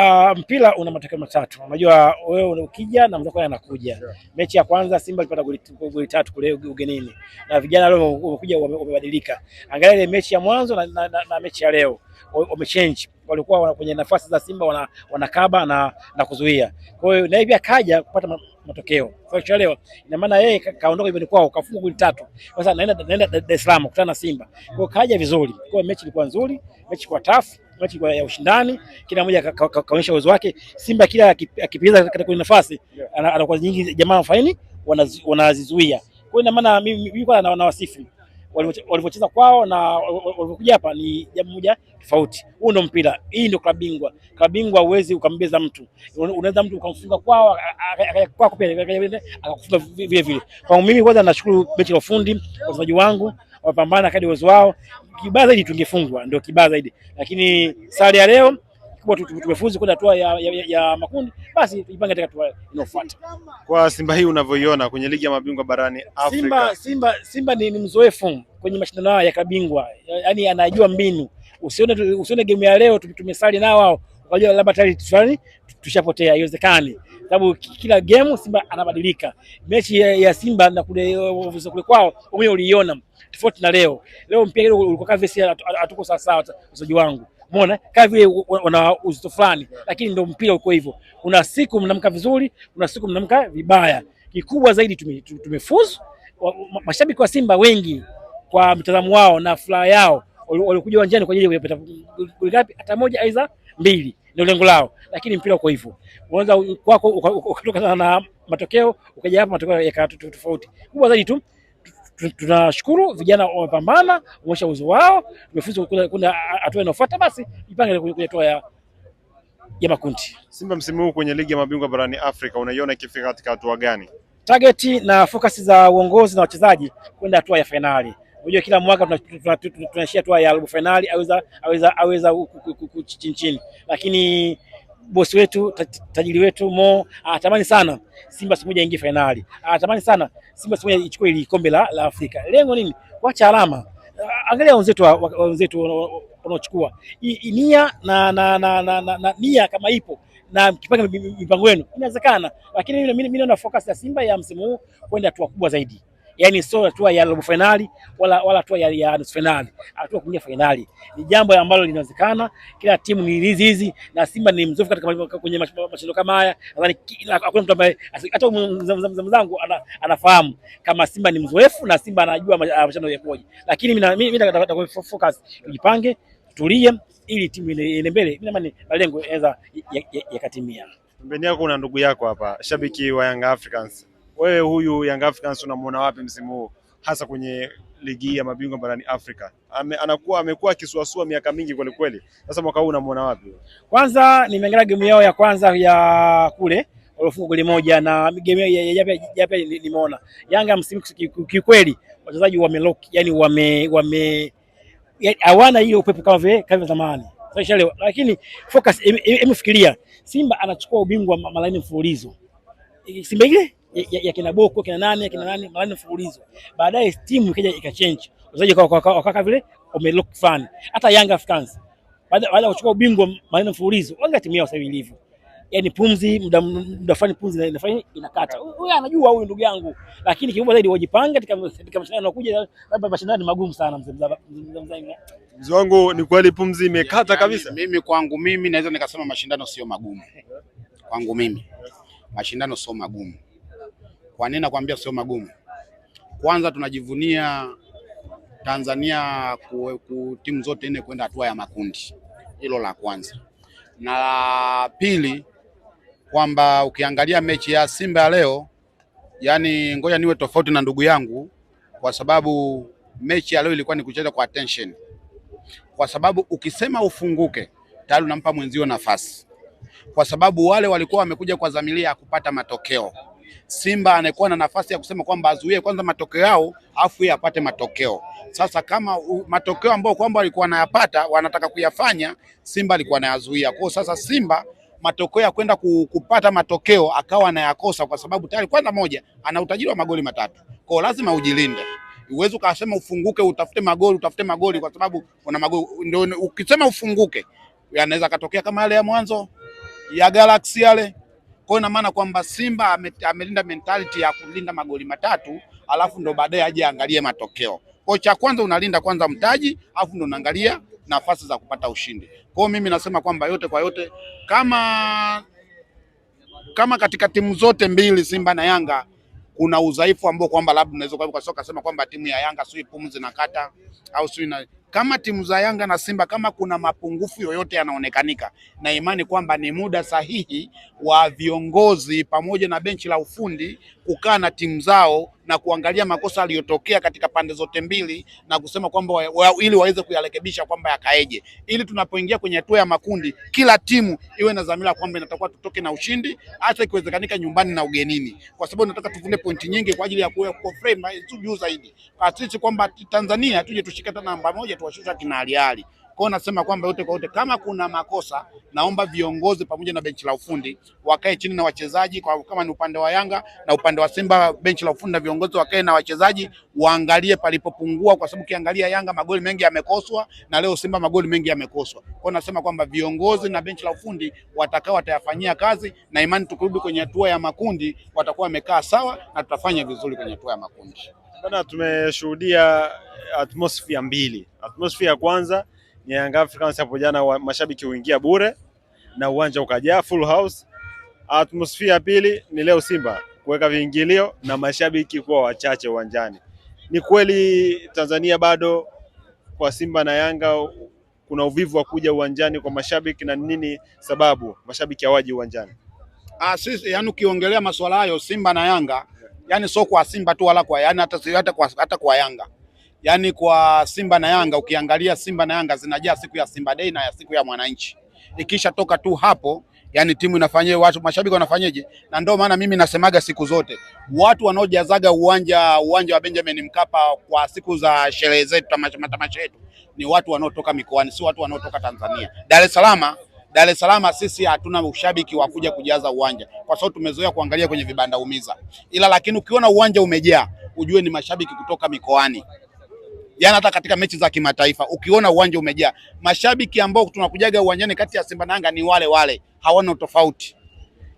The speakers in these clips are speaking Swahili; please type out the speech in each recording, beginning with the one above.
Uh, mpira una matokeo matatu. Unajua wewe ukija na mtokana anakuja. Sure. Mechi ya kwanza Simba alipata goli, goli tatu kule ugenini na vijana leo wamekuja wamebadilika. Angalia ile mechi ya mwanzo na, na, na, na mechi ya leo wamechange, walikuwa wana, kwenye nafasi za Simba wana, wanakaba na, na kuzuia. Kwa hiyo na hivi akaja kupata matokeo kwa hiyo leo, ina maana yeye kaondoka nyumbani kwao kafunga goli tatu. Sasa naenda naenda Dar es Salaam kukutana na Simba, kwa hiyo kaja vizuri, kwa mechi ilikuwa nzuri, mechi kwa tafu mechi ya ushindani, kila mmoja kaonyesha uwezo wake. Simba kila akipiza katika kwenye nafasi yeah, anakuwa ana nyingi, jamaa wa faini wanazizuia. Kwa hiyo ina maana mimi kwa na wasifu walivyocheza kwao na walivyokuja hapa ni jambo moja tofauti. Huu ndio mpira, hii ndio klabu bingwa. Klabu bingwa huwezi ukambeza mtu, unaweza mtu ukamfunga kwao kwako pia akakufunga vile vile. Kwa mimi kwanza nashukuru mechi ya ufundi, wachezaji wangu wapambana kadi uwezo wao. Kibaya zaidi tungefungwa, ndio kibaya zaidi, lakini sare ya leo kubwa, tumefuzu kwenda hatua ya, ya, ya makundi, basi tujipange katika hatua inayofuata. Kwa Simba hii unavyoiona kwenye ligi ya mabingwa barani Afrika, Simba, Simba, Simba ni, ni mzoefu kwenye mashindano haya ya kabingwa, yaani anajua mbinu. Usione usione game ya leo tumesali nao wao, labda tayari tushapotea, haiwezekani sababu kila game Simba anabadilika. Mechi ya, ya Simba na kule kule kwao wewe uliiona tofauti na leo. Leo mpira ulikuwa kama vile hatuko sawa sawa, wachezaji wangu Umeona kama vile wana uzito fulani, lakini ndio mpira uko hivyo. Kuna siku mnamka vizuri, kuna siku mnamka vibaya. Kikubwa zaidi tumefuzu. Mashabiki wa Simba wengi kwa mtazamo wao na furaha yao walikuja uwanjani kwa ajili ya kupata gapi, hata moja aidha mbili ndio lengo lao, lakini mpira uko hivyo, unaanza kwako ukatoka na matokeo ukaja hapa matokeo yakawa tofauti. Kubwa zaidi tu tunashukuru vijana wamepambana, wameonyesha uwezo wao, tumefuzu kuna hatua inayofuata, basi jipange kwenye hatua ya ya makundi. Simba msimu huu kwenye ligi ya mabingwa barani Afrika unaiona ikifika katika hatua gani? Target na fokasi za uongozi na wachezaji kwenda hatua ya fainali. Unajua kila mwaka tunaishia tu ya robo finali, aweza aweza aweza chini chini, lakini bosi wetu tajiri wetu Mo anatamani sana Simba siku moja ingie finali, anatamani sana Simba siku moja ichukue ile kombe la, la Afrika. Lengo nini? Kuacha alama. Angalia wenzetu wenzetu wanaochukua nia na, na, na, na, na, na nia kama ipo na kipanga mipango yenu inawezekana, lakini mimi naona focus ya Simba ya msimu huu kwenda hatua kubwa zaidi yani sio hatua ya robo finali wala wala hatua ya ya nusu finali, hatua kuingia finali ni jambo ambalo linawezekana. Kila timu ni hizi hizi, na Simba ni mzoefu katika kwenye mashindano kama haya. Nadhani hakuna mtu ambaye hata mzamu zangu anafahamu kama Simba ni mzoefu na Simba anajua ah, mashindano yapoje, lakini mimi nataka focus, tujipange, tulie ili timu ile mbele, mimi nadhani malengo yanaweza yakatimia. Pembeni yako kuna ndugu yako hapa, shabiki wa Young Africans wewe huyu Young Africans unamwona wapi msimu huu hasa kwenye ligi ya mabingwa barani Afrika? Ame, anakuwa amekuwa akisuasua miaka mingi kweli kweli. Sasa mwaka huu unamwona wapi? Kwanza nimeangalia game yao ya kwanza ya kule walifunga goli moja na game ya yapi nimeona Yanga msimu kikweli, wachezaji wamelock, yani wame wame hawana hiyo upepo kama vile kama zamani. Sasa lakini focus, hebu fikiria Simba anachukua ubingwa mara nne mfululizo, Simba ile ya, ya kina Boko kina nani kina nani mara mfululizo. Baadaye timu ikaja ikachange wachezaji wakaka vile umelook fan. Hata Young Africans baada ya kuchukua ubingwa mara mfululizo, wanga timu yao sasa ilivyo, yani pumzi muda muda fulani pumzi na inafanya inakata. Huyu anajua huyu ndugu yangu, lakini kikubwa zaidi wajipange katika katika mashindano yanokuja, Labda mashindano ni magumu sana, mzee mzee wangu. Ni kweli pumzi imekata yaani, kabisa. Mimi kwangu mimi naweza nikasema mashindano sio magumu kwangu mimi, mashindano sio magumu kwa nini nakwambia sio magumu? Kwanza tunajivunia Tanzania ku, ku timu zote nne kwenda hatua ya makundi, hilo la kwanza, na la pili kwamba ukiangalia mechi ya Simba ya leo, yani ngoja niwe tofauti na ndugu yangu, kwa sababu mechi ya leo ilikuwa ni kucheza kwa attention, kwa sababu ukisema ufunguke tayari unampa mwenzio nafasi, kwa sababu wale walikuwa wamekuja kwa dhamiria ya kupata matokeo Simba anakuwa na nafasi ya kusema kwamba azuie kwanza matokeo yao afu yeye apate matokeo. Sasa kama matokeo ambayo kwamba walikuwa wanayapata wanataka kuyafanya, Simba alikuwa anayazuia. Kwa sasa Simba matokeo ya kwenda kupata matokeo akawa anayakosa, kwa sababu tayari kwanza, moja, ana utajiri wa magoli matatu, kwa lazima ujilinde. uwezo ukasema ufunguke utafute magoli utafute magoli, kwa sababu una magoli ndio. Ukisema ufunguke, yanaweza katokea kama yale ya mwanzo ya Galaxy yale kwa hiyo ina maana kwamba Simba amelinda mentality ya kulinda magoli matatu, alafu ndo baadaye aje angalie matokeo. Kwa cha kwanza unalinda kwanza mtaji, alafu ndo unaangalia nafasi za kupata ushindi. Kwa hiyo mimi nasema kwamba yote kwa yote, kama kama katika timu zote mbili Simba na Yanga kuna udhaifu ambao kwamba labda unaweza kwa sababu kasema kwamba timu ya Yanga sio pumzi na kata au sio kama timu za Yanga na Simba, kama kuna mapungufu yoyote yanaonekanika, na imani kwamba ni muda sahihi wa viongozi pamoja na benchi la ufundi kukaa na timu zao na kuangalia makosa aliyotokea katika pande zote mbili na kusema kwamba wa, wa, ili waweze kuyarekebisha kwamba yakaeje, ili tunapoingia kwenye hatua ya makundi kila timu iwe na dhamira kwamba inatakuwa tutoke na ushindi, hata ikiwezekanika nyumbani na ugenini, kwa sababu nataka tuvune pointi nyingi kwa ajili ya kuwa eh, juu zaidi, at least kwamba Tanzania tuje tushike tena namba moja tuwashusha kinaliali kwa nasema kwamba yote kwa yote, kama kuna makosa, naomba viongozi pamoja na benchi la ufundi wakae chini na wachezaji, kwa kama ni upande wa Yanga na upande wa Simba, benchi la ufundi na viongozi wakae na wachezaji waangalie palipopungua, kwa sababu kiangalia Yanga magoli mengi yamekoswa na leo Simba magoli mengi yamekoswa. Kwa nasema kwamba viongozi na benchi la ufundi watakao watayafanyia kazi, na imani tukirudi kwenye hatua ya makundi watakuwa wamekaa sawa na tutafanya vizuri kwenye hatua ya makundi. Bana, tumeshuhudia atmosphere mbili. Atmosphere ya kwanza ni Yanga Africans hapo jana, mashabiki huingia bure na uwanja ukajaa full house. Atmosphere ya pili ni leo Simba kuweka viingilio na mashabiki kuwa wachache uwanjani. Ni kweli Tanzania bado kwa Simba na Yanga kuna uvivu wa kuja uwanjani kwa mashabiki, na nini sababu mashabiki hawaji uwanjani? Ah, sisi yani, ukiongelea masuala hayo Simba na Yanga, yani sio kwa Simba tu wala kwa yani hata hata kwa, hata kwa Yanga yani kwa Simba na Yanga, ukiangalia Simba na Yanga zinajaa siku ya Simba Day na ya siku ya Mwananchi. Ikisha toka tu hapo, yani timu inafanyaje, watu mashabiki wanafanyaje? Na ndio maana mimi nasemaga siku zote watu wanaojazaga uwanja uwanja wa Benjamin Mkapa kwa siku za sherehe zetu, matamasha yetu ni watu wanaotoka mikoani, si watu wanaotoka Tanzania. Dar es Salaam Dar es Salaam sisi hatuna ushabiki wa kuja kujaza uwanja kwa sababu tumezoea kuangalia kwenye vibanda umiza, ila lakini ukiona uwanja umejaa ujue ni mashabiki kutoka mikoani yani hata katika mechi za kimataifa ukiona uwanja umejaa mashabiki ambao tunakujaga uwanjani kati ya Simba na Yanga ni wale wale, hawana tofauti.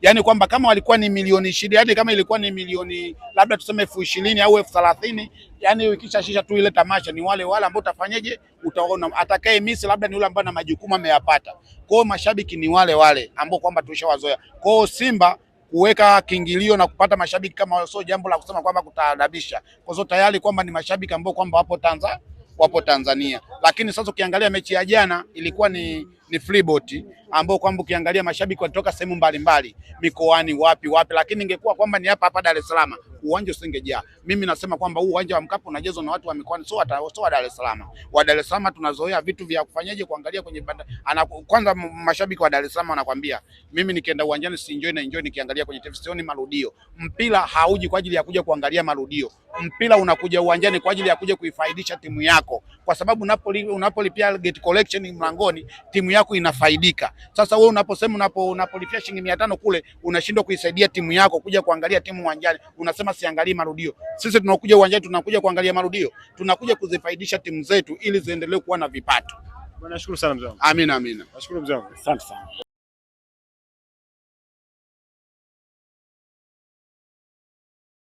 Yani kwamba kama walikuwa ni milioni ishirini, yani kama ilikuwa ni milioni labda tuseme elfu ishirini au elfu thelathini, ukisha yaani shisha tu ile tamasha ni wale wale ambao utafanyeje, utaona atakaye miss labda ni yule ambaye na majukumu ameyapata. Kwao mashabiki ni wale wale ambao kwamba tushawazoea. Kwao Simba kuweka kiingilio na kupata mashabiki kama sio jambo la kusema kwamba kutaadabisha, kwa sababu tayari kwamba ni mashabiki ambao kwamba wapo Tanzania wapo Tanzania. Lakini sasa ukiangalia mechi ya jana ilikuwa ni ni freeboat ambao kwamba ukiangalia mashabiki wanatoka sehemu mbalimbali mikoani wapi wapi, lakini ingekuwa kwamba ni hapa hapa Dar es Salaam uwanja usingejaa. Mimi nasema kwamba huu uwanja wa Mkapa unajezwa na watu wa mikoani, sio wa Dar es Salaam. Wa Dar es Salaam tunazoea vitu vya kufanyaje, kuangalia kwenye banda. Ana, Kwanza mashabiki wa Dar es Salaam wanakuambia mimi nikienda uwanjani si enjoy na enjoy nikiangalia kwenye televisheni marudio. Mpira hauji kwa ajili ya kuja kuangalia marudio, mpira unakuja uwanjani kwa ajili ya kuja kuifaidisha timu yako, kwa sababu unapolipia gate collection mlangoni timu yako yako inafaidika. Sasa wewe unaposema unapo unapolipia shilingi mia tano kule unashindwa kuisaidia timu yako kuja kuangalia timu uwanjani, unasema siangalie marudio. Sisi tunakuja uwanjani, tunakuja kuangalia marudio, tunakuja kuzifaidisha timu zetu ili ziendelee kuwa na vipato. Nashukuru sana mzee wangu. Amina, amina. Nashukuru mzee wangu. Asante sana.